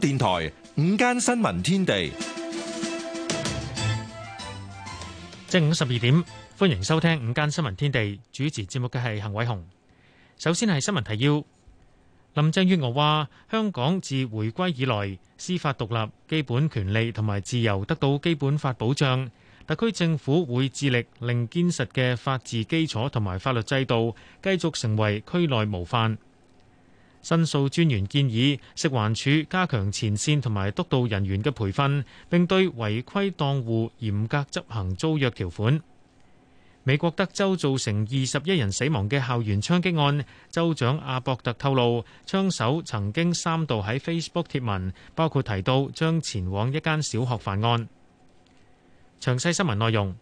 電台午間新聞天地，正午十二點，歡迎收聽午間新聞天地。主持節目嘅係邢偉雄。首先係新聞提要。林鄭月娥話：香港自回歸以來，司法獨立、基本權利同埋自由得到基本法保障。特區政府會致力令堅實嘅法治基礎同埋法律制度繼續成為區內模範。申訴專員建議食環署加強前線同埋督導人員嘅培訓，並對違規檔戶嚴格執行租約條款。美國德州造成二十一人死亡嘅校園槍擊案，州長阿博特透露，槍手曾經三度喺 Facebook 貼文，包括提到將前往一間小學犯案。詳細新聞內容，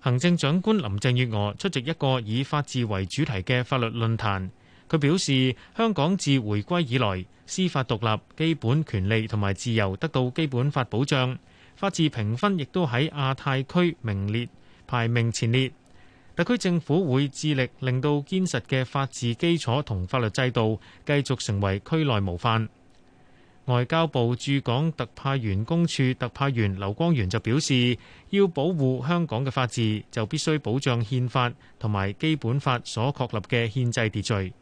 行政長官林鄭月娥出席一個以法治為主題嘅法律論壇，佢表示，香港自回歸以來司法獨立、基本權利同埋自由得到基本法保障，法治評分亦都喺亞太區名列排名前列。特區政府會致力令到堅實嘅法治基礎同法律制度繼續成為區內模範。外交部駐港特派員公署特派員劉光源就表示，要保護香港嘅法治，就必須保障憲法同埋基本法所確立嘅憲制秩序。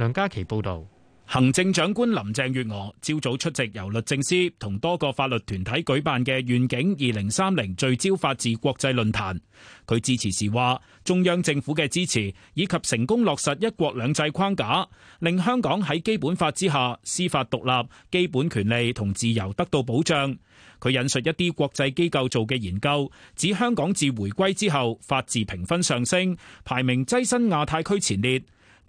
梁家琪報道，行政長官林鄭月娥朝早出席由律政司同多個法律團體舉辦嘅願景二零三零聚焦法治國際論壇。佢致辭時話，中央政府嘅支持以及成功落實一國兩制框架，令香港喺基本法之下司法獨立、基本權利同自由得到保障。佢引述一啲國際機構做嘅研究，指香港自回歸之後，法治評分上升，排名躋身亞太區前列。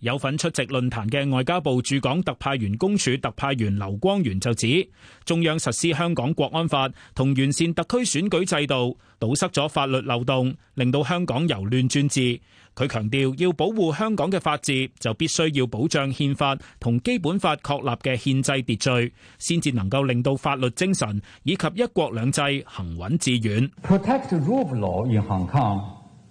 有份出席論壇嘅外交部駐港特派員公署特派員劉光源就指，中央實施香港國安法同完善特區選舉制度，堵塞咗法律漏洞，令到香港由亂轉治。佢強調，要保護香港嘅法治，就必須要保障憲法同基本法確立嘅憲制秩序，先至能夠令到法律精神以及一國兩制行穩致遠。Protect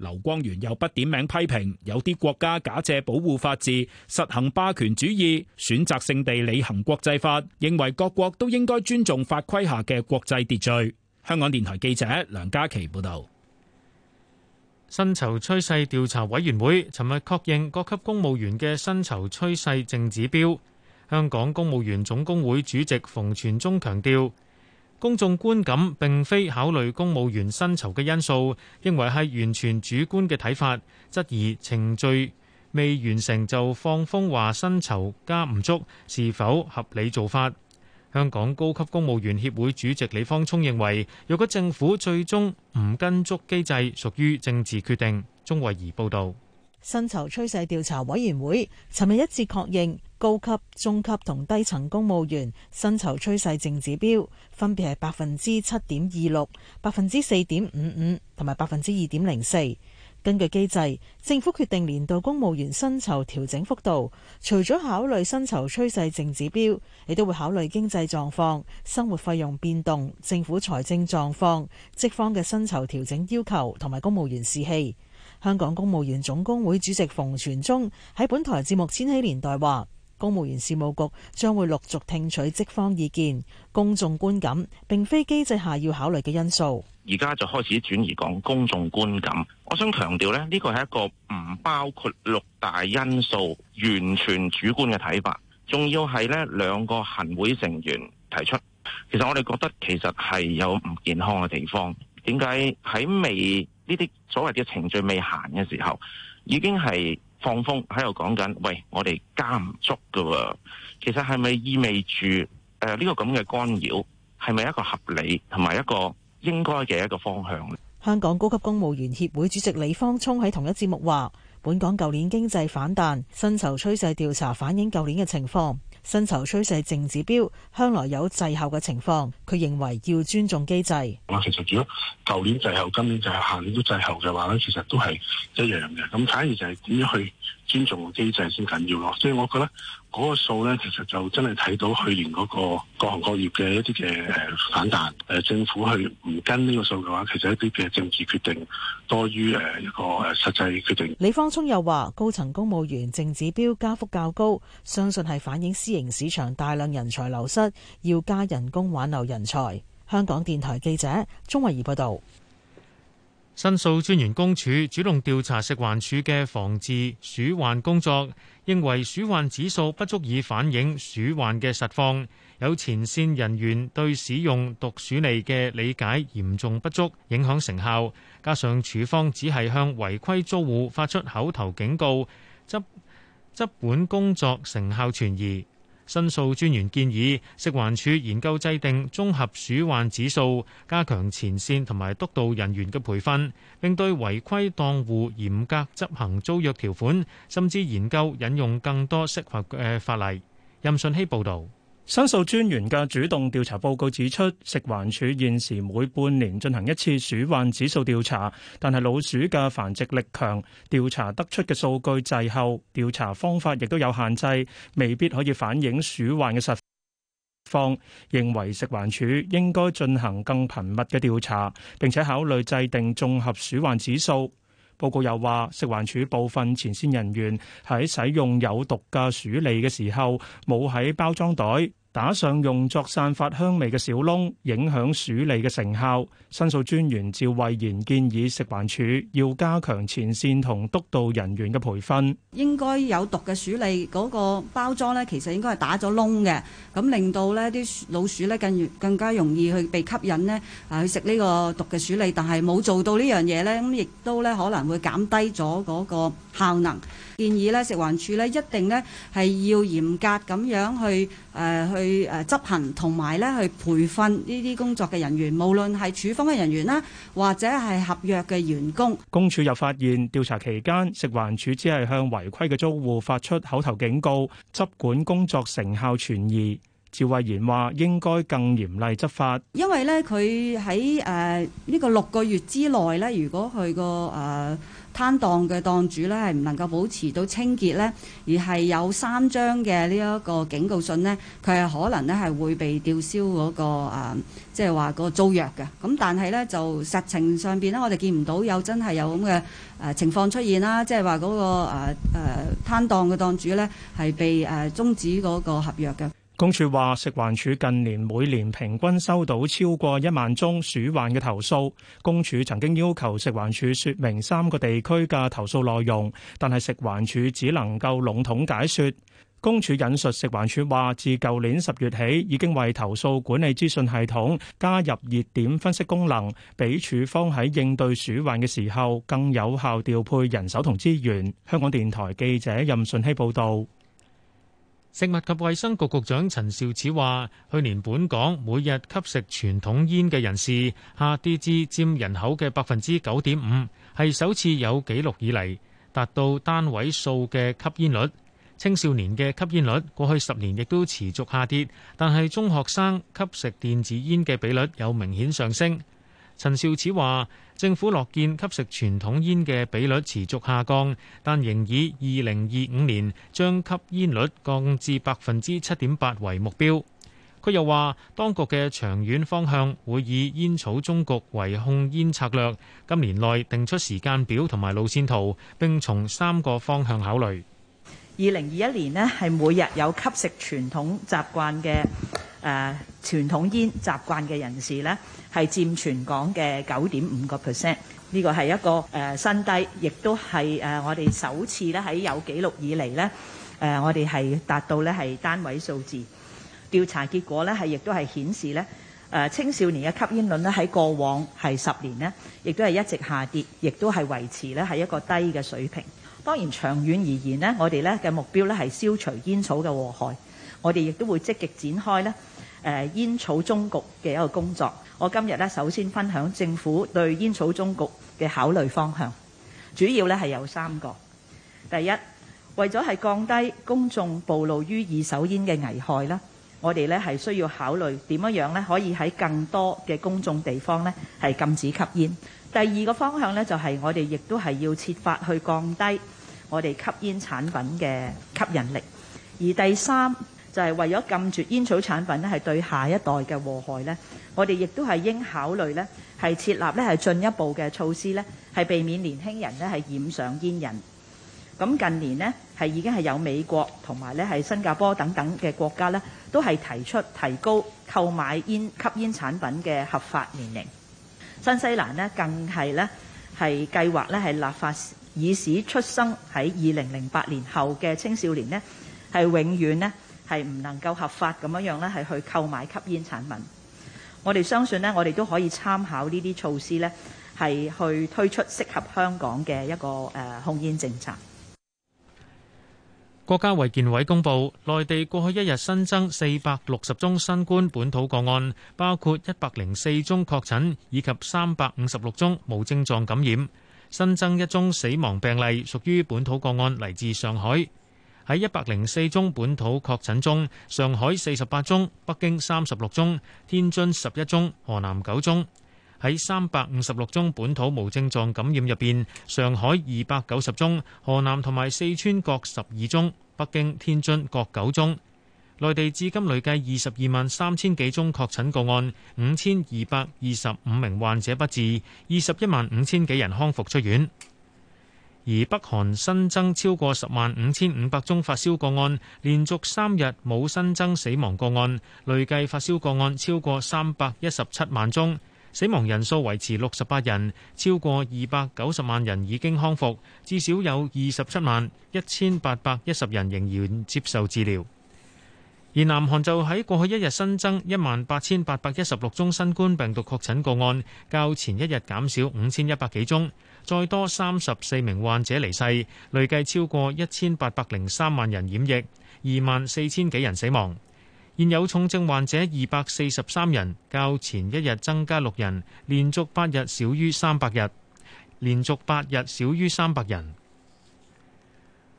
劉光源又不點名批評，有啲國家假借保護法治，實行霸權主義，選擇性地履行國際法，認為各國都應該尊重法規下嘅國際秩序。香港電台記者梁嘉琪報道。薪酬趨勢調查委員會尋日確認各級公務員嘅薪酬趨勢正指標。香港公務員總工會主席馮傳中強調。公眾觀感並非考慮公務員薪酬嘅因素，認為係完全主觀嘅睇法，質疑程序未完成就放風話薪酬加唔足是否合理做法。香港高級公務員協會主席李方聰認為，若果政府最終唔跟足機制，屬於政治決定。鍾慧儀報導。薪酬趨勢調查委員會尋日一致確認，高級、中級同低層公務員薪酬趨勢淨指標分別係百分之七點二六、百分之四點五五同埋百分之二點零四。根據機制，政府決定年度公務員薪酬調整幅度，除咗考慮薪酬趨勢淨指標，亦都會考慮經濟狀況、生活費用變動、政府財政狀況、職方嘅薪酬調整要求同埋公務員士氣。香港公務員總工會主席馮傳中喺本台節目《千禧年代》話，公務員事務局將會陸續聽取職方意見、公眾觀感，並非機制下要考慮嘅因素。而家就開始轉移講公眾觀感，我想強調咧，呢個係一個唔包括六大因素，完全主觀嘅睇法。仲要係咧，兩個行會成員提出，其實我哋覺得其實係有唔健康嘅地方。點解喺未？呢啲所謂嘅程序未行嘅時候，已經係放風喺度講緊，喂，我哋加唔足嘅喎，其實係咪意味住誒呢個咁嘅干擾係咪一個合理同埋一個應該嘅一個方向呢？香港高級公務員協會主席李方聰喺同一節目話，本港舊年經濟反彈，薪酬趨勢調查反映舊年嘅情況。薪酬趨勢淨指標，向來有滯後嘅情況。佢認為要尊重機制。其實如果舊年滯後，今年滯後，下年都滯後嘅話咧，其實都係一樣嘅。咁反而就係點樣去？尊重機制先緊要咯，所以我覺得嗰個數咧，其實就真係睇到去年嗰個各行各業嘅一啲嘅反彈。誒政府去唔跟呢個數嘅話，其實一啲嘅政治決定多於誒一個誒實際決定。李方聰又話，高層公務員淨指標加幅較高，相信係反映私營市場大量人才流失，要加人工挽留人才。香港電台記者鍾慧儀報道。申訴專員公署主動調查食環署嘅防治鼠患工作，認為鼠患指數不足以反映鼠患嘅實況，有前線人員對使用毒鼠餌嘅理解嚴重不足，影響成效。加上處方只係向違規租戶發出口頭警告，執執管工作成效存疑。申訴專員建議食環署研究制定綜合鼠患指數，加強前線同埋督導人員嘅培訓，並對違規檔戶嚴格執行租約條款，甚至研究引用更多適合嘅法例。任信希報道。申訴專員嘅主動調查報告指出，食環署現時每半年進行一次鼠患指數調查，但係老鼠嘅繁殖力強，調查得出嘅數據滯後，調查方法亦都有限制，未必可以反映鼠患嘅實況。認為食環署應該進行更頻密嘅調查，並且考慮制定綜合鼠患指數。報告又話，食環署部分前線人員喺使用有毒嘅鼠餌嘅時候，冇喺包裝袋打上用作散發香味嘅小窿，影響鼠利嘅成效。申訴專員趙慧賢建議食環署要加強前線同督導人員嘅培訓。應該有毒嘅鼠利嗰個包裝咧，其實應該係打咗窿嘅，咁令到咧啲老鼠咧更易更加容易去被吸引咧啊去食呢個毒嘅鼠利。但係冇做到呢樣嘢咧，咁亦都咧可能會減低咗嗰個效能。建議咧食環署咧一定咧係要嚴格咁樣去誒去。去誒執行同埋咧去培訓呢啲工作嘅人員，無論係處方嘅人員啦，或者係合約嘅員工。公署又發現調查期間，食環署只係向違規嘅租戶發出口頭警告，執管工作成效存疑。趙慧賢話應該更嚴厲執法，因為咧佢喺誒呢個六個月之內咧，如果佢個誒。呃攤檔嘅檔主咧係唔能夠保持到清潔咧，而係有三張嘅呢一個警告信咧，佢係可能咧係會被吊銷嗰、嗰個、呃、即係話嗰個租約嘅。咁但係咧就實情上邊咧，我哋見唔到有真係有咁嘅誒情況出現啦，即係話嗰個誒誒、呃、攤檔嘅檔主咧係被誒終、呃、止嗰個合約嘅。公署話，食環署近年每年平均收到超過一萬宗鼠患嘅投訴。公署曾經要求食環署説明三個地區嘅投訴內容，但係食環署只能夠籠統解説。公署引述食環署話，自舊年十月起，已經為投訴管理資訊系統加入熱點分析功能，俾署方喺應對鼠患嘅時候更有效調配人手同資源。香港電台記者任順希報導。食物及衛生局局長陳肇始話：去年本港每日吸食傳統煙嘅人士下跌至佔人口嘅百分之九點五，係首次有記錄以嚟達到單位數嘅吸煙率。青少年嘅吸煙率過去十年亦都持續下跌，但係中學生吸食電子煙嘅比率有明顯上升。陳肇始話：政府樂見吸食傳統煙嘅比率持續下降，但仍以二零二五年將吸煙率降至百分之七點八為目標。佢又話：當局嘅長遠方向會以煙草終局為控煙策略，今年內定出時間表同埋路線圖，並從三個方向考慮。二零二一年呢，係每日有吸食傳統習慣嘅。誒、呃、傳統煙習慣嘅人士呢，係佔全港嘅九點五個 percent，呢個係一個誒、呃、新低，亦都係誒我哋首次咧喺有記錄以嚟呢，誒我哋係達到咧係單位數字。調查結果呢係亦都係顯示呢，誒、呃、青少年嘅吸煙率呢，喺過往係十年呢亦都係一直下跌，亦都係維持呢係一個低嘅水平。當然，長遠而言呢，我哋呢嘅目標呢，係消除煙草嘅禍害。我哋亦都會積極展開咧，誒煙草中局嘅一個工作。我今日咧首先分享政府對煙草中局嘅考慮方向，主要咧係有三個。第一，為咗係降低公眾暴露於二手煙嘅危害啦，我哋咧係需要考慮點樣樣咧可以喺更多嘅公眾地方咧係禁止吸煙。第二個方向咧就係我哋亦都係要設法去降低我哋吸煙產品嘅吸引力，而第三，就係為咗禁絕煙草產品呢，係對下一代嘅禍害呢。我哋亦都係應考慮呢，係設立呢係進一步嘅措施呢，係避免年輕人呢係染上煙癮。咁近年呢係已經係有美國同埋呢係新加坡等等嘅國家呢，都係提出提高購買煙吸煙產品嘅合法年齡。新西蘭呢更係呢係計劃呢係立法，以使出生喺二零零八年後嘅青少年呢係永遠呢。係唔能夠合法咁樣樣咧，係去購買吸煙產品。我哋相信呢，我哋都可以參考呢啲措施呢，係去推出適合香港嘅一個誒控煙政策。國家衛健委公佈，內地過去一日新增四百六十宗新冠本土個案，包括一百零四宗確診以及三百五十六宗無症狀感染，新增一宗死亡病例屬於本土個案，嚟自上海。喺一百零四宗本土確診中，上海四十八宗，北京三十六宗，天津十一宗，河南九宗。喺三百五十六宗本土無症狀感染入邊，上海二百九十宗，河南同埋四川各十二宗，北京、天津各九宗。內地至今累計二十二萬三千幾宗確診個案，五千二百二十五名患者不治，二十一萬五千幾人康復出院。而北韓新增超過十萬五千五百宗發燒個案，連續三日冇新增死亡個案，累計發燒個案超過三百一十七萬宗，死亡人數維持六十八人，超過二百九十萬人已經康復，至少有二十七萬一千八百一十人仍然接受治療。而南韓就喺過去一日新增一萬八千八百一十六宗新冠病毒確診個案，較前一日減少五千一百幾宗。再多三十四名患者離世，累計超過一千八百零三萬人染疫，二萬四千幾人死亡。現有重症患者二百四十三人，較前一日增加六人，連續八日少於三百日，連續八日少於三百人。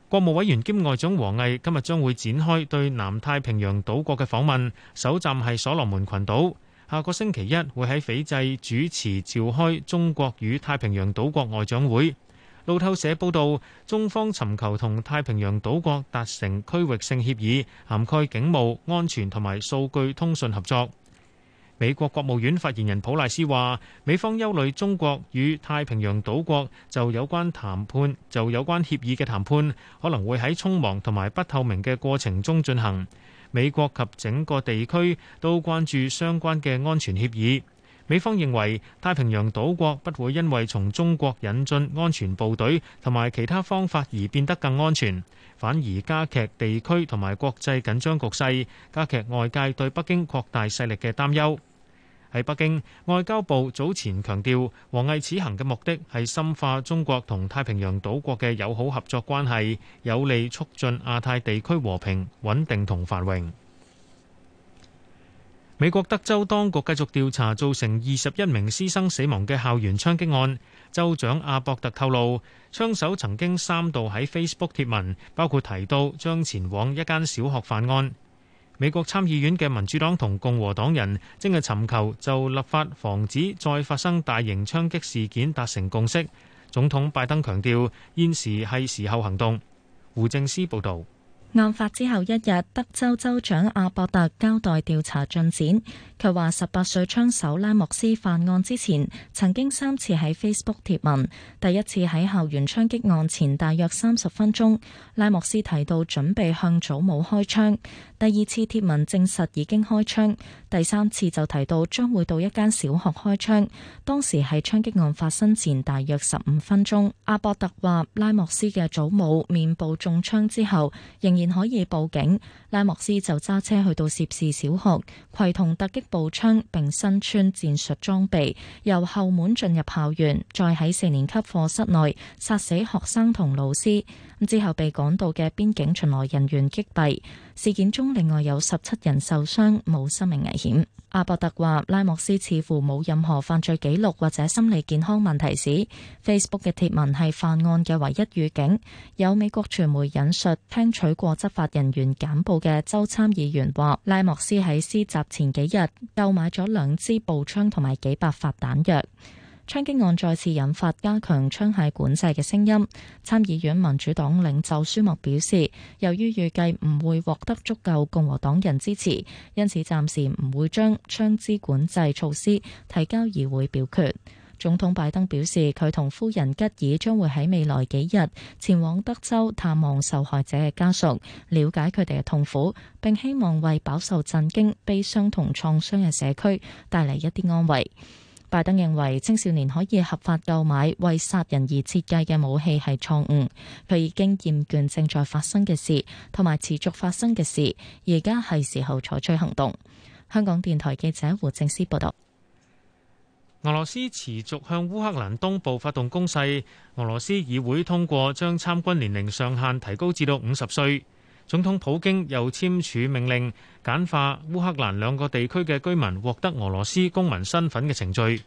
國務委員兼外長王毅今日將會展開對南太平洋島國嘅訪問，首站係所羅門群島。下個星期一會喺斐濟主持召開中國與太平洋島國外長會。路透社報道，中方尋求同太平洋島國達成區域性協議，涵蓋警務、安全同埋數據通訊合作。美國國務院發言人普賴斯話：美方憂慮中國與太平洋島國就有關談判、就有關協議嘅談判，可能會喺匆忙同埋不透明嘅過程中進行。美國及整個地區都關注相關嘅安全協議。美方認為太平洋島國不會因為從中國引進安全部隊同埋其他方法而變得更安全，反而加劇地區同埋國際緊張局勢，加劇外界對北京擴大勢力嘅擔憂。喺北京，外交部早前強調，王毅此行嘅目的係深化中國同太平洋島國嘅友好合作關係，有利促進亞太地區和平穩定同繁榮。美國德州當局繼續調查造成二十一名師生死亡嘅校園槍擊案，州長阿博特透露，槍手曾經三度喺 Facebook 貼文，包括提到將前往一間小學犯案。美國參議院嘅民主黨同共和黨人正係尋求就立法防止再發生大型槍擊事件達成共識。總統拜登強調現時係時候行動。胡政思報導。案發之後一日，德州州長阿博特交代調查進展。佢話：十八歲槍手拉莫斯犯案之前，曾經三次喺 Facebook 貼文。第一次喺校園槍擊案前大約三十分鐘，拉莫斯提到準備向祖母開槍。第二次貼文證實已經開槍。第三次就提到將會到一間小學開槍，當時喺槍擊案發生前大約十五分鐘。阿博特話：拉莫斯嘅祖母面部中槍之後，仍然可以報警。拉莫斯就揸車去到涉事小學，攜同突擊步槍，並身穿戰術裝備，由後門進入校園，再喺四年級課室內殺死學生同老師。之後被趕到嘅邊境巡邏人員擊斃。事件中另外有十七人受傷，冇生命危險。阿伯特話：拉莫斯似乎冇任何犯罪記錄或者心理健康問題史。Facebook 嘅貼文係犯案嘅唯一預警。有美國傳媒引述聽取過執法人員簡報嘅州參議員話：拉莫斯喺施襲前幾日購買咗兩支步槍同埋幾百發彈藥。槍擊案再次引發加強槍械管制嘅聲音。參議院民主黨領袖舒默表示，由於預計唔會獲得足夠共和黨人支持，因此暫時唔會將槍支管制措施提交議會表決。總統拜登表示，佢同夫人吉爾將會喺未來幾日前往德州探望受害者嘅家屬，了解佢哋嘅痛苦，並希望為飽受震驚、悲傷同創傷嘅社區帶嚟一啲安慰。拜登認為青少年可以合法購買為殺人而設計嘅武器係錯誤，佢已經厭倦正在發生嘅事同埋持續發生嘅事，而家係時候採取行動。香港電台記者胡正思報道。俄羅斯持續向烏克蘭東部發動攻勢，俄羅斯議會通過將參軍年齡上限提高至到五十歲。總統普京又簽署命令簡化烏克蘭兩個地區嘅居民獲得俄羅斯公民身份嘅程序。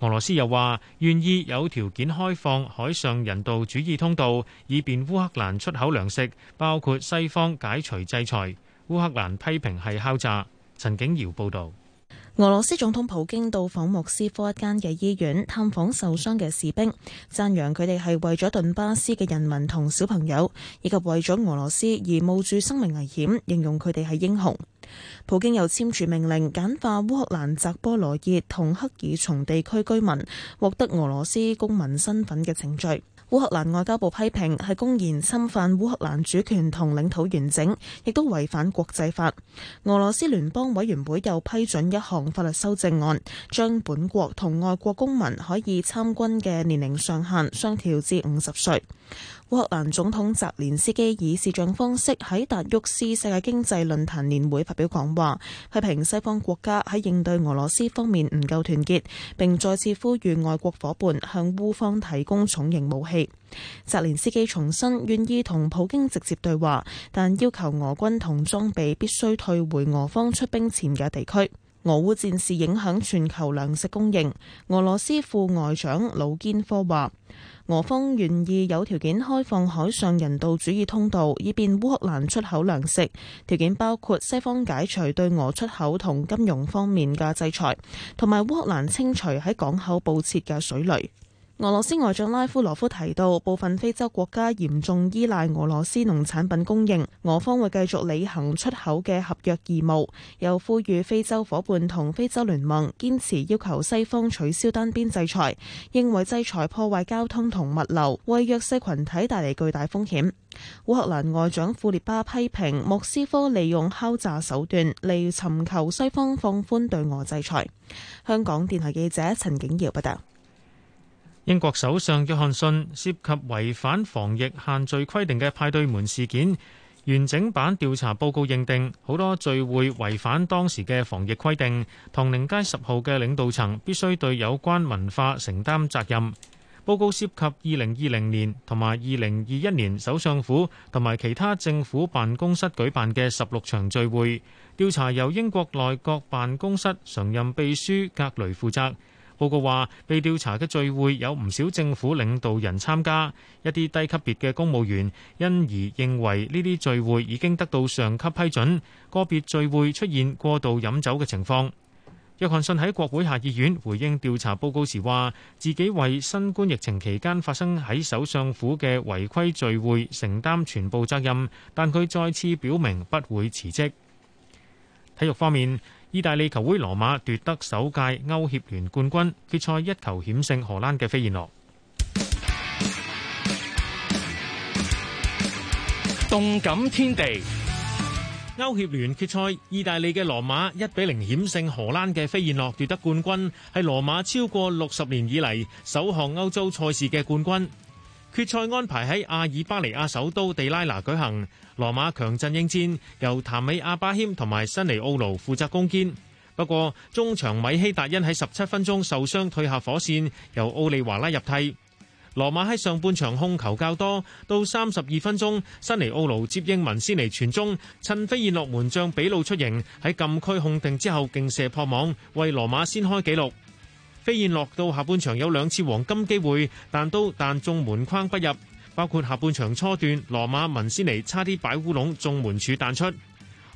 俄羅斯又話願意有條件開放海上人道主義通道，以便烏克蘭出口糧食，包括西方解除制裁。烏克蘭批評係敲詐。陳景瑤報道。俄羅斯總統普京到訪莫斯科一間嘅醫院，探訪受傷嘅士兵，讚揚佢哋係為咗頓巴斯嘅人民同小朋友，以及為咗俄羅斯而冒住生命危險，形容佢哋係英雄。普京又簽署命令，簡化烏克蘭扎波羅熱同克爾松地區居民獲得俄羅斯公民身份嘅程序。烏克蘭外交部批評係公然侵犯烏克蘭主權同領土完整，亦都違反國際法。俄羅斯聯邦委員會又批准一項法律修正案，將本國同外國公民可以參軍嘅年齡上限相調至五十歲。烏克蘭總統澤連斯基以視像方式喺達沃斯世界經濟論壇年會發表講話，批評西方國家喺應對俄羅斯方面唔夠團結，並再次呼籲外國夥伴向烏方提供重型武器。澤連斯基重申願意同普京直接對話，但要求俄軍同裝備必須退回俄方出兵前嘅地區。俄烏戰事影響全球糧食供應，俄羅斯副外長魯堅科話：俄方願意有條件開放海上人道主義通道，以便烏克蘭出口糧食。條件包括西方解除對俄出口同金融方面嘅制裁，同埋烏克蘭清除喺港口佈設嘅水雷。俄羅斯外長拉夫羅夫提到，部分非洲國家嚴重依賴俄羅斯農產品供應，俄方會繼續履行出口嘅合約義務。又呼籲非洲伙伴同非洲聯盟堅持要求西方取消單邊制裁，認為制裁破壞交通同物流，為弱勢群體帶嚟巨大風險。烏克蘭外長庫列巴批評莫斯科利用敲詐手段嚟尋求西方放寬對俄制裁。香港電台記者陳景堯報道。英國首相約翰遜涉，涉及違反防疫限聚規定嘅派對門事件，完整版調查報告認定好多聚會違反當時嘅防疫規定。唐寧街十號嘅領導層必須對有關文化承擔責任。報告涉及二零二零年同埋二零二一年首相府同埋其他政府辦公室舉辦嘅十六場聚會。調查由英國內閣辦公室常任秘書格雷負責。報告話，被調查嘅聚會有唔少政府領導人參加，一啲低級別嘅公務員因而認為呢啲聚會已經得到上級批准，個別聚會出現過度飲酒嘅情況。約翰遜喺國會下議院回應調查報告時話，自己為新冠疫情期間發生喺首相府嘅違規聚會承擔全部責任，但佢再次表明不會辭職。體育方面，意大利球會羅馬奪得首屆歐協聯冠軍，決賽一球險勝荷蘭嘅飛燕諾。動感天地，歐協聯決賽，意大利嘅羅馬一比零險勝荷蘭嘅飛燕諾，奪得冠軍，係羅馬超過六十年以嚟首項歐洲賽事嘅冠軍。決賽安排喺阿爾巴尼亞首都地拉拿舉行，羅馬強陣應戰，由譚美阿巴謙同埋新尼奧奴負責攻堅。不過中場米希達恩喺十七分鐘受傷退下火線，由奧利華拉入替。羅馬喺上半場控球較多，到三十二分鐘，新尼奧奴接應文斯尼傳中，趁飛燕諾門將比路出迎喺禁區控定之後勁射破網，為羅馬先開紀錄。雖然落到下半場有兩次黃金機會，但都但中門框不入。包括下半場初段，羅馬文斯尼差啲擺烏龍，中門柱彈出。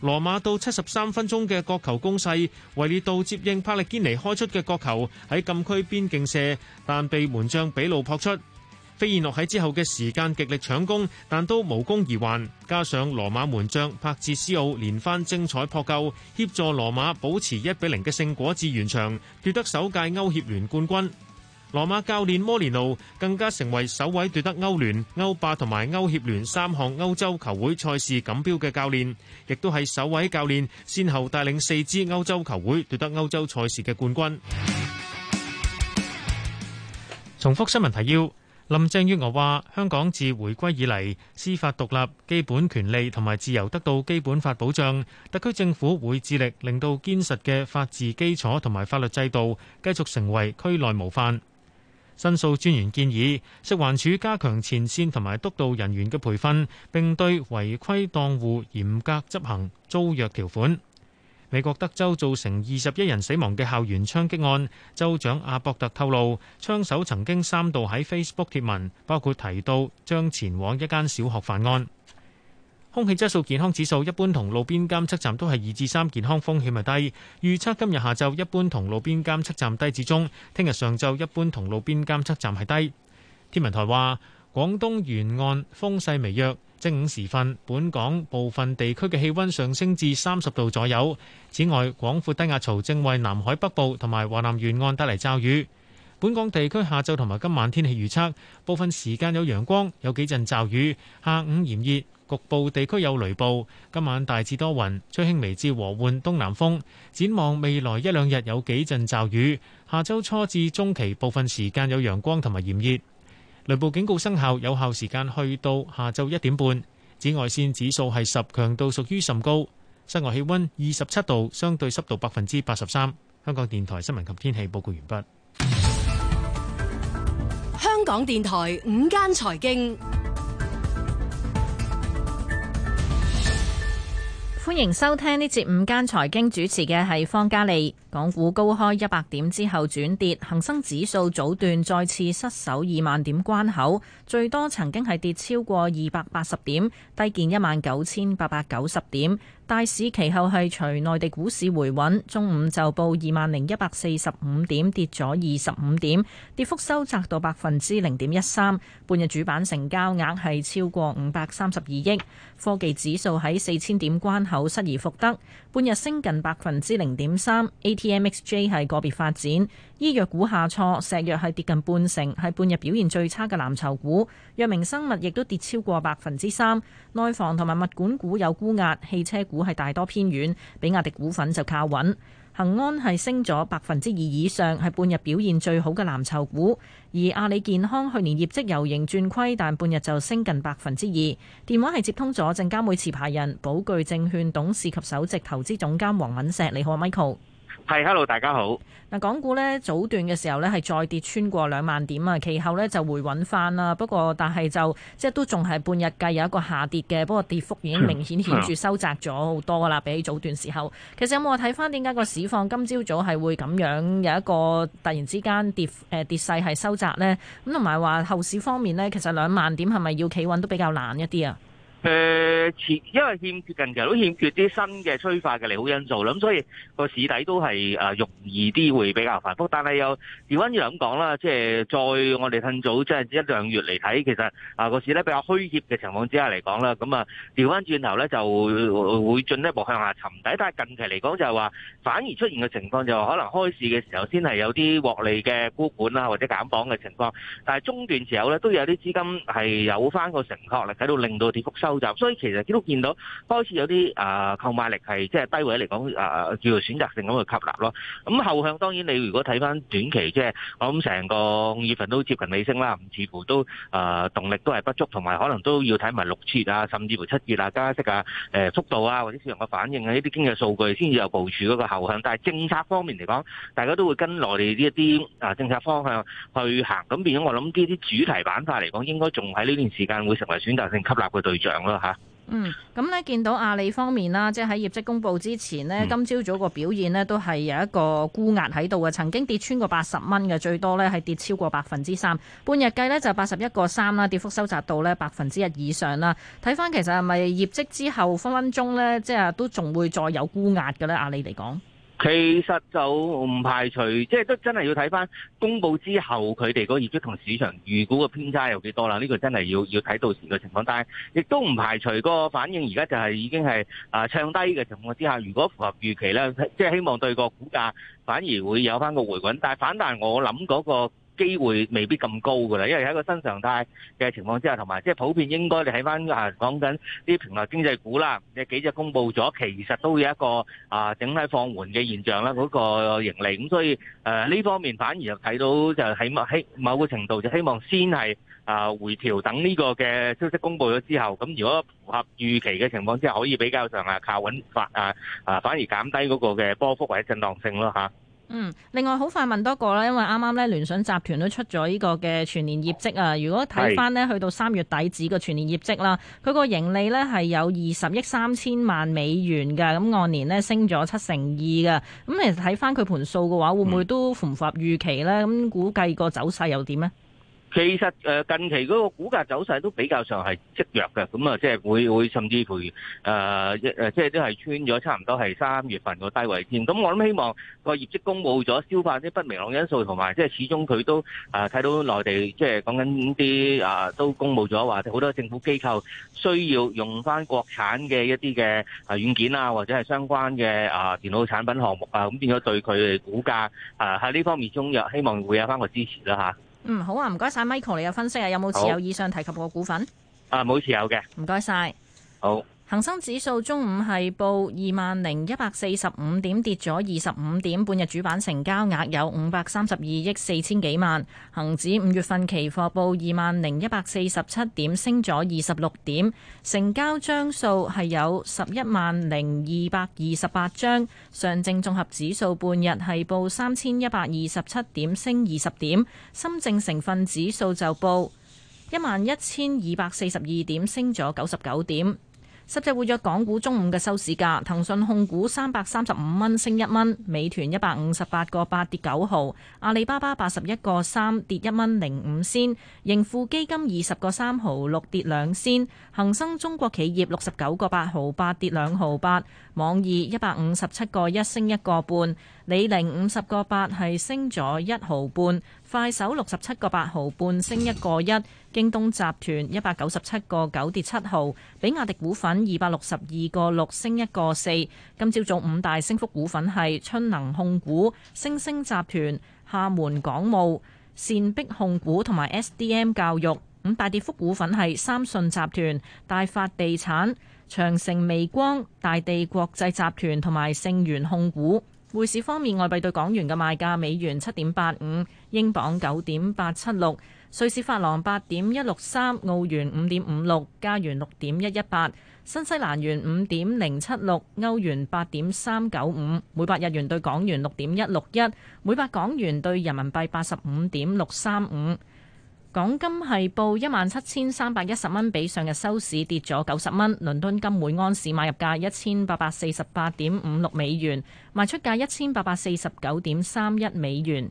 羅馬到七十三分鐘嘅角球攻勢，維列到接應帕力堅尼開出嘅角球喺禁區邊境射，但被門將比魯撲出。菲爾諾喺之後嘅時間極力搶攻，但都無功而還。加上羅馬門將帕切斯奧連番精彩撲救，協助羅馬保持一比零嘅勝果至完場，奪得首屆歐協聯冠軍。羅馬教練摩連奴更加成為首位奪得歐聯、歐霸同埋歐協聯三項歐洲球會賽事錦標嘅教練，亦都係首位教練先後帶領四支歐洲球會奪得歐洲賽事嘅冠軍。重複新聞提要。林鄭月娥話：香港自回歸以嚟，司法獨立、基本權利同埋自由得到基本法保障。特區政府會致力令到堅實嘅法治基礎同埋法律制度繼續成為區內模範。申訴專員建議食環署加強前線同埋督導人員嘅培訓，並對違規檔戶嚴格執行租約條款。美國德州造成二十一人死亡嘅校園槍擊案，州長阿伯特透露，槍手曾經三度喺 Facebook 貼文，包括提到將前往一間小學犯案。空氣質素健康指數一般同路邊監測站都係二至三，健康風險係低。預測今日下晝一般同路邊監測站低至中，聽日上晝一般同路邊監測站係低。天文台話，廣東沿岸風勢微弱。正午時分，本港部分地區嘅氣温上升至三十度左右。此外，廣闊低壓槽正為南海北部同埋華南沿岸帶嚟驟雨。本港地區下晝同埋今晚天氣預測，部分時間有陽光，有幾陣驟雨。下午炎熱，局部地區有雷暴。今晚大致多雲，吹輕微至和緩東南風。展望未來一兩日有幾陣驟雨。下周初至中期，部分時間有陽光同埋炎熱。雷暴警告生效，有效時間去到下晝一點半。紫外線指數係十，強度屬於甚高。室外氣溫二十七度，相對濕度百分之八十三。香港電台新聞及天氣報告完畢。香港電台午間財經。歡迎收聽呢節午間財經，主持嘅係方嘉利。港股高開一百點之後轉跌，恒生指數早段再次失守二萬點關口，最多曾經係跌超過二百八十點，低見一萬九千八百九十點。大市其後係隨內地股市回穩，中午就報二萬零一百四十五點，跌咗二十五點，跌幅收窄到百分之零點一三。半日主板成交額係超過五百三十二億。科技指數喺四千點關口失而復得。半日升近百分之零點三，ATMXJ 係個別發展，醫藥股下挫，石藥係跌近半成，係半日表現最差嘅藍籌股，藥明生物亦都跌超過百分之三，內房同埋物管股有沽壓，汽車股係大多偏軟，比亞迪股份就靠穩。恒安係升咗百分之二以上，係半日表現最好嘅藍籌股。而阿里健康去年業績由盈轉虧，但半日就升近百分之二。電話係接通咗證監會持牌人、寶具證券董事及首席投資總監黃敏石。你好，Michael。係，hello，大家好。嗱，港股咧早段嘅時候咧係再跌穿過兩萬點啊，其後咧就回穩翻啦。不過，但係就即係都仲係半日計有一個下跌嘅，不過跌幅已經明顯顯著收窄咗好多啦。比起早段時候，其實有冇睇翻點解個市況今朝早係會咁樣有一個突然之間跌誒、呃、跌勢係收窄呢？咁同埋話後市方面呢，其實兩萬點係咪要企穩都比較難一啲啊？誒欠、嗯，因為欠缺近期都欠缺啲新嘅催化嘅利好因素啦，咁所以個市底都係啊容易啲會比較反覆。但係又調翻轉頭咁講啦，即係在我哋趁早即係一兩月嚟睇，其實啊個市咧比較虛怯嘅情況之下嚟講啦，咁啊調翻轉頭咧就會進一步向下沉底。但係近期嚟講就係話反而出現嘅情況就可能開市嘅時候先係有啲獲利嘅沽盤啊，或者減磅嘅情況，但係中段時候咧都有啲資金係有翻個承托力，喺度令到跌幅收。所以其實都見到開始有啲啊購買力係即係低位嚟講啊，叫做選擇性咁去吸納咯。咁、嗯、後向當然你如果睇翻短期，即係我諗成個五月份都接近尾聲啦，似乎都啊、呃、動力都係不足，同埋可能都要睇埋六月啊，甚至乎七月啊加息啊誒、欸、速度啊，或者市場嘅反應啊，呢啲經濟數據先至有部署嗰個後向。但係政策方面嚟講，大家都會跟我哋呢一啲啊政策方向去行，咁變咗我諗呢啲主題板塊嚟講，應該仲喺呢段時間會成為選擇性吸納嘅對象。吓、嗯，嗯，咁呢，見到阿里方面啦，即係喺業績公布之前呢，今朝早個表現呢都係有一個沽壓喺度嘅，曾經跌穿過八十蚊嘅，最多呢係跌超過百分之三，半日計呢就八十一個三啦，跌幅收窄到呢百分之一以上啦。睇返其實係咪業績之後分分鐘呢，即係都仲會再有沽壓嘅呢，阿里嚟講。其實就唔排除，即係都真係要睇翻公佈之後佢哋個業績同市場預估嘅偏差有幾多啦，呢個真係要要睇到時嘅情況。但係亦都唔排除個反應，而家就係已經係啊唱低嘅情況之下，如果符合預期咧，即係希望對個股價反而會有翻個回穩。但係反彈，我諗嗰個，機會未必咁高噶啦，因為喺一個新常態嘅情況之下，同埋即係普遍應該你睇翻啊，講緊啲平臺經濟股啦，你幾隻公佈咗，其實都有一個啊整體放緩嘅現象啦，嗰個盈利。咁所以誒呢方面反而又睇到就喺某喺某個程度就希望先係啊回調，等呢個嘅消息公佈咗之後，咁如果符合預期嘅情況之下，可以比較上啊靠穩法啊啊，反而減低嗰個嘅波幅或者震盪性咯嚇。嗯，另外好快問多個啦，因為啱啱呢聯想集團都出咗呢個嘅全年業績啊。如果睇翻呢去到三月底止個全年業績啦，佢個盈利呢係有二十億三千萬美元㗎，咁按年呢升咗七成二㗎。咁其實睇翻佢盤數嘅話，會唔會都符合預期呢？咁估計個走勢又點呢？其實誒近期嗰個股價走勢都比較上係積弱嘅，咁啊即係會會甚至乎誒誒即係都係穿咗差唔多係三月份個低位先。咁我諗希望個業績公佈咗，消化啲不明朗因素，同埋即係始終佢都啊睇到內地即係、就是、講緊啲啊都公佈咗話，好多政府機構需要用翻國產嘅一啲嘅啊軟件啊，或者係相關嘅啊電腦產品項目啊，咁變咗對佢嘅股價啊喺呢方面中，又希望會有翻個支持啦嚇。嗯，好啊，唔該晒，Michael，你有分析啊？有冇持有以上提及嘅股份？啊，冇持有嘅。唔該晒。好。恒生指數中午係報二萬零一百四十五點，跌咗二十五點。半日主板成交額有五百三十二億四千幾萬。恒指五月份期貨報二萬零一百四十七點，升咗二十六點，成交張數係有十一萬零二百二十八張。上證綜合指數半日係報三千一百二十七點，升二十點。深證成分指數就報一萬一千二百四十二點，升咗九十九點。十隻活躍港股中午嘅收市價，騰訊控股三百三十五蚊升一蚊，美團一百五十八個八跌九毫，阿里巴巴八十一個三跌一蚊零五仙，盈富基金二十個三毫六跌兩仙，恒生中國企業六十九個八毫八跌兩毫八，網易一百五十七個一升一個半，李寧五十個八係升咗一毫半，快手六十七個八毫半升一個一。京東集團一百九十七個九跌七毫，比亞迪股份二百六十二個六升一個四。今朝早五大升幅股份係春能控股、星星集團、廈門港務、善碧控股同埋 S D M 教育。五大跌幅股份係三信集團、大發地產、長城微光、大地國際集團同埋盛源控股。匯市方面，外幣對港元嘅賣價：美元七點八五，英鎊九點八七六，瑞士法郎八點一六三，澳元五點五六，加元六點一一八，新西蘭元五點零七六，歐元八點三九五，每百日元對港元六點一六一，每百港元對人民幣八十五點六三五。港金係報一萬七千三百一十蚊，比上日收市跌咗九十蚊。倫敦金每安士買入價一千八百四十八點五六美元，賣出價一千八百四十九點三一美元。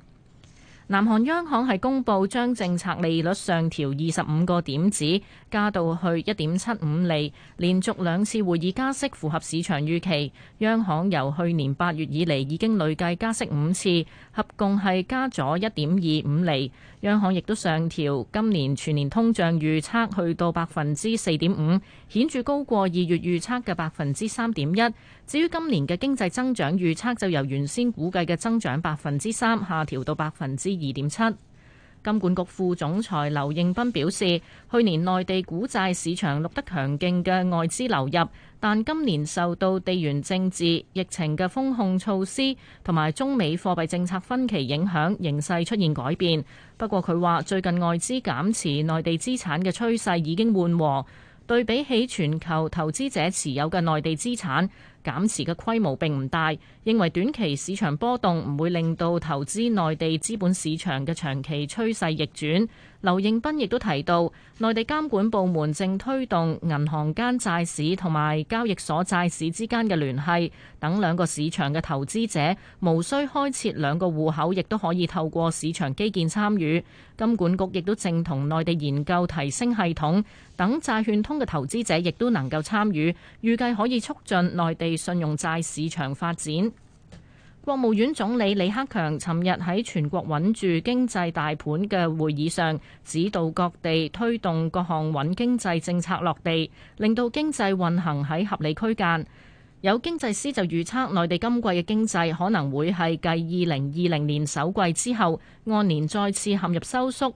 南韓央行係公布將政策利率上調二十五個點子，加到去一點七五厘。連續兩次會議加息符合市場預期。央行由去年八月以嚟已經累計加息五次，合共係加咗一點二五厘。央行亦都上調今年全年通脹預測去到百分之四點五，顯著高過二月預測嘅百分之三點一。至於今年嘅經濟增長預測，就由原先估計嘅增長百分之三，下調到百分之二點七。金管局副總裁劉應斌表示，去年內地股債市場錄得強勁嘅外資流入，但今年受到地緣政治、疫情嘅封控措施同埋中美貨幣政策分歧影響，形勢出現改變。不過佢話，最近外資減持內地資產嘅趨勢已經緩和，對比起全球投資者持有嘅內地資產。減持嘅規模並唔大，認為短期市場波動唔會令到投資內地資本市場嘅長期趨勢逆轉。劉應斌亦都提到，內地監管部門正推動銀行間債市同埋交易所債市之間嘅聯繫，等兩個市場嘅投資者無需開設兩個戶口，亦都可以透過市場基建參與。金管局亦都正同內地研究提升系統，等債券通嘅投資者亦都能夠參與，預計可以促進內地信用債市場發展。國務院總理李克強尋日喺全國穩住經濟大盤嘅會議上，指導各地推動各項穩經濟政策落地，令到經濟運行喺合理區間。有經濟師就預測，內地今季嘅經濟可能會係繼二零二零年首季之後，按年再次陷入收縮，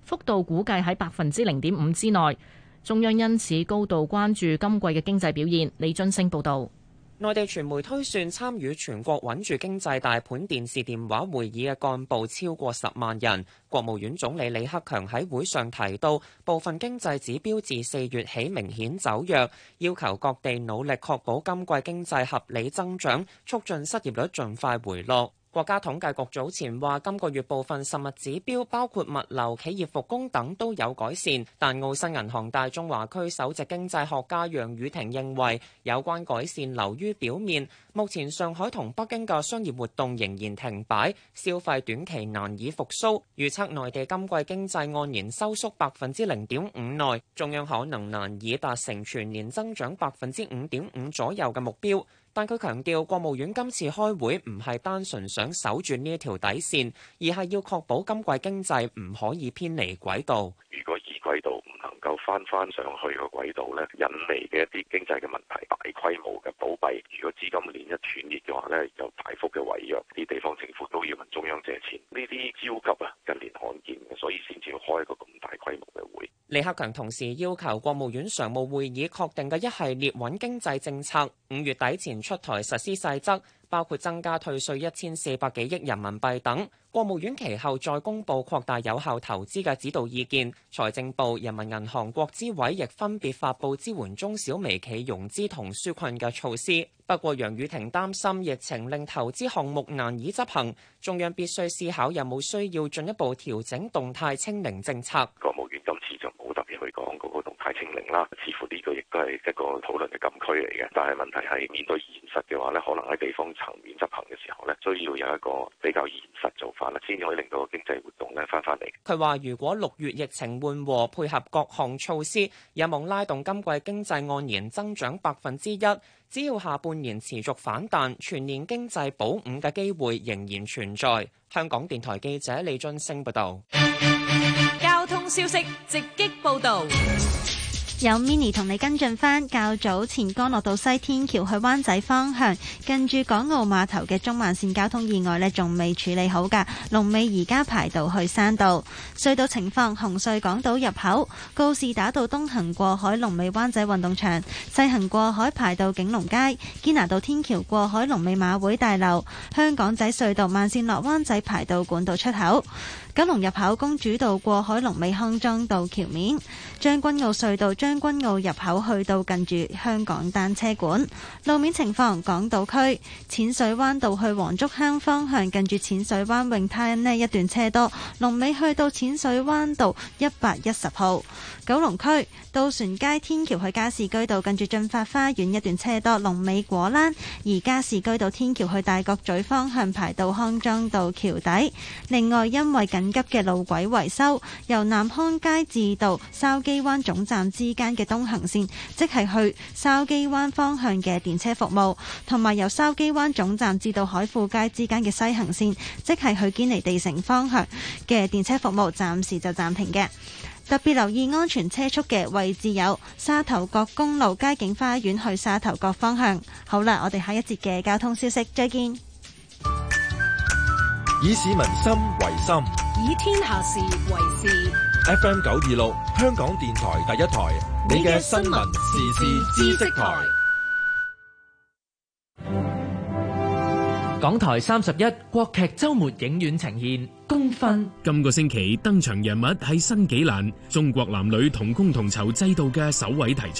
幅度估計喺百分之零點五之內。中央因此高度關注今季嘅經濟表現。李津星報道。內地傳媒推算，參與全國穩住經濟大盤電視電話會議嘅幹部超過十萬人。國務院總理李克強喺會上提到，部分經濟指標自四月起明顯走弱，要求各地努力確保今季經濟合理增長，促進失業率盡快回落。國家統計局早前話，今個月部分實物指標，包括物流、企業復工等都有改善，但澳新銀行大中華區首席經濟學家楊宇霆認為，有關改善流於表面。目前上海同北京嘅商業活動仍然停擺，消費短期難以復甦。預測內地今季經濟按年收縮百分之零點五內，中央可能難以達成全年增長百分之五點五左右嘅目標。但佢強調，國務院今次開會唔係單純想守住呢一條底線，而係要確保今季經濟唔可以偏離軌道。如果以軌道。又翻翻上去個季度咧，引嚟嘅一啲經濟嘅問題，大規模嘅倒閉，如果資金鏈一斷裂嘅話咧，有大幅嘅違約，啲地方政府都要問中央借錢，呢啲焦急啊，近年罕見嘅，所以先至開一個咁大規模嘅會。李克強同時要求國務院常務會議確定嘅一系列穩經濟政策，五月底前出台實施細則。包括增加退稅一千四百幾億人民幣等，國務院其後再公佈擴大有效投資嘅指導意見，財政部、人民銀行、國資委亦分別發布支援中小微企融資同紓困嘅措施。不過，楊雨婷擔心疫情令投資項目難以執行。中央必須思考有冇需要進一步調整動態清零政策。國務院今次就冇特別去講嗰個動態清零啦，似乎呢個亦都係一個討論嘅禁區嚟嘅。但係問題係面對現實嘅話咧，可能喺地方層面執行嘅時候咧，需要有一個比較現實做法啦，先至可以令到個經濟活動咧翻翻嚟。佢話，如果六月疫情緩和，配合各項措施，有望拉動今季經濟按年增長百分之一。只要下半年持續反彈，全年經濟保五嘅機會仍然存在。香港電台記者李津升報導。交通消息直擊報導。有 mini 同你跟進返較早前剛落到西天橋去灣仔方向，近住港澳碼頭嘅中慢線交通意外呢，仲未處理好㗎。龍尾而家排到去山道隧道情況。紅隧港島入口，告士打道東行過海，龍尾灣仔運動場；西行過海排到景隆街，堅拿道天橋過海，龍尾馬會大樓，香港仔隧道慢線落灣仔排到管道出口。九龍入口，公主道過海，龍尾康莊道橋面。將軍澳隧道，將軍澳入口，去到近住香港單車館路面情況。港島區淺水灣道去黃竹坑方向，近住淺水灣泳灘咧，一段車多龍尾，去到淺水灣道一百一十號。九龍區渡船街天橋去加士居道，近住駿發花園一段車多龍尾果欄，而加士居道天橋去大角咀方向，排到康莊道橋底。另外因為近緊急嘅路軌維修，由南康街至到筲箕灣總站之間嘅東行線，即係去筲箕灣方向嘅電車服務，同埋由筲箕灣總站至到海富街之間嘅西行線，即係去堅尼地城方向嘅電車服務，暫時就暫停嘅。特別留意安全車速嘅位置有沙頭角公路街景花園去沙頭角方向。好啦，我哋下一節嘅交通消息，再見。以市民心為心，以天下事為事。FM 九二六，香港電台第一台，你嘅新聞、時事、知識台。港台三十一國劇周末影院呈現《公分》。今個星期登場人物係申紀蘭，中國男女同工同酬制度嘅首位提出。